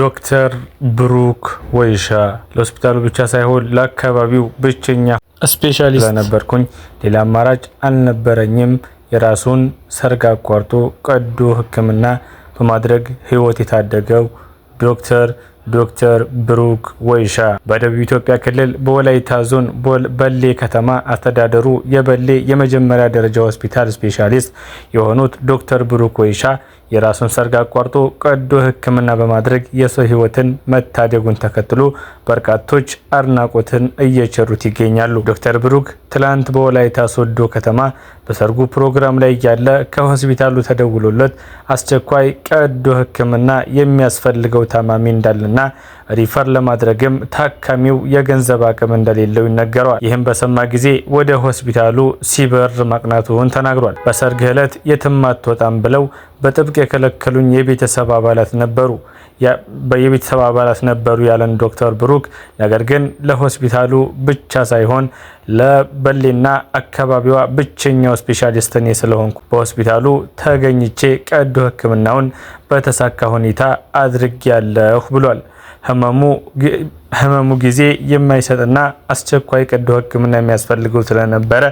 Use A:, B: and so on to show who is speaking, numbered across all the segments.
A: ዶክተር ብሩክ ወይሻ ለሆስፒታሉ ብቻ ሳይሆን ለአካባቢው ብቸኛ ስፔሻሊስት ስለነበርኩኝ ሌላ አማራጭ አልነበረኝም። የራሱን ሰርግ አቋርጦ ቀዶ ሕክምና በማድረግ ህይወት የታደገው ዶክተር ዶክተር ብሩክ ወይሻ በደቡብ ኢትዮጵያ ክልል በወላይታ ዞን በሌ ከተማ አስተዳደሩ የበሌ የመጀመሪያ ደረጃ ሆስፒታል ስፔሻሊስት የሆኑት ዶክተር ብሩክ ወይሻ የራሱን ሰርግ አቋርጦ ቀዶ ሕክምና በማድረግ የሰው ህይወትን መታደጉን ተከትሎ በርካቶች አድናቆትን እየቸሩት ይገኛሉ። ዶክተር ብሩክ ትላንት በወላይታ ሶዶ ከተማ በሰርጉ ፕሮግራም ላይ እያለ ከሆስፒታሉ ተደውሎለት አስቸኳይ ቀዶ ሕክምና የሚያስፈልገው ታማሚ እንዳለና ሪፈር ለማድረግም ታካሚው የገንዘብ አቅም እንደሌለው ይነገረዋል። ይህም በሰማ ጊዜ ወደ ሆስፒታሉ ሲበር ማቅናቱን ተናግሯል። በሰርግ ዕለት የትም አትወጣም ብለው በጥብቅ የከለከሉኝ የቤተሰብ አባላት ነበሩ። የቤተሰብ አባላት ነበሩ ያለን ዶክተር ብሩክ ነገር ግን ለሆስፒታሉ ብቻ ሳይሆን ለበሌና አካባቢዋ ብቸኛው ስፔሻሊስት እኔ ስለሆንኩ በሆስፒታሉ ተገኝቼ ቀዶ ሕክምናውን በተሳካ ሁኔታ አድርጌያለሁ ብሏል። ህመሙ ጊዜ የማይሰጥና አስቸኳይ ቀዶ ህክምና የሚያስፈልገው ስለነበረ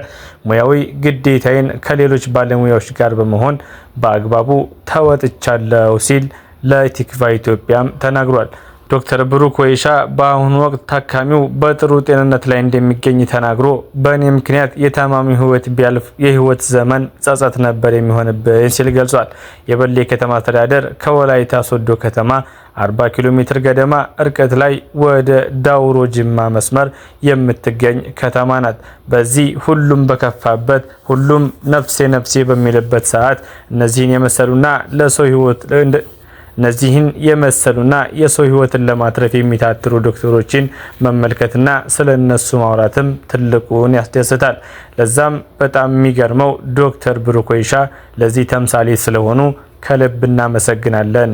A: ሙያዊ ግዴታዬን ከሌሎች ባለሙያዎች ጋር በመሆን በአግባቡ ተወጥቻለሁ ሲል ለቲክቫ ኢትዮጵያም ተናግሯል። ዶክተር ብሩክ ወይሻ በአሁኑ ወቅት ታካሚው በጥሩ ጤንነት ላይ እንደሚገኝ ተናግሮ በእኔ ምክንያት የታማሚ ህይወት ቢያልፍ የህይወት ዘመን ጸጸት ነበር የሚሆንብን ሲል ገልጿል። የበሌ ከተማ አስተዳደር ከወላይታ ሶዶ ከተማ 40 ኪሎ ሜትር ገደማ እርቀት ላይ ወደ ዳውሮ ጅማ መስመር የምትገኝ ከተማ ናት። በዚህ ሁሉም በከፋበት ሁሉም ነፍሴ ነፍሴ በሚልበት ሰዓት እነዚህን የመሰሉና ለሰው ህይወት እነዚህን የመሰሉና የሰው ህይወትን ለማትረፍ የሚታትሩ ዶክተሮችን መመልከትና ስለ እነሱ ማውራትም ትልቁን ያስደስታል። ለዛም በጣም የሚገርመው ዶክተር ብሩክ ለዚህ ተምሳሌ ስለሆኑ ከልብ እናመሰግናለን።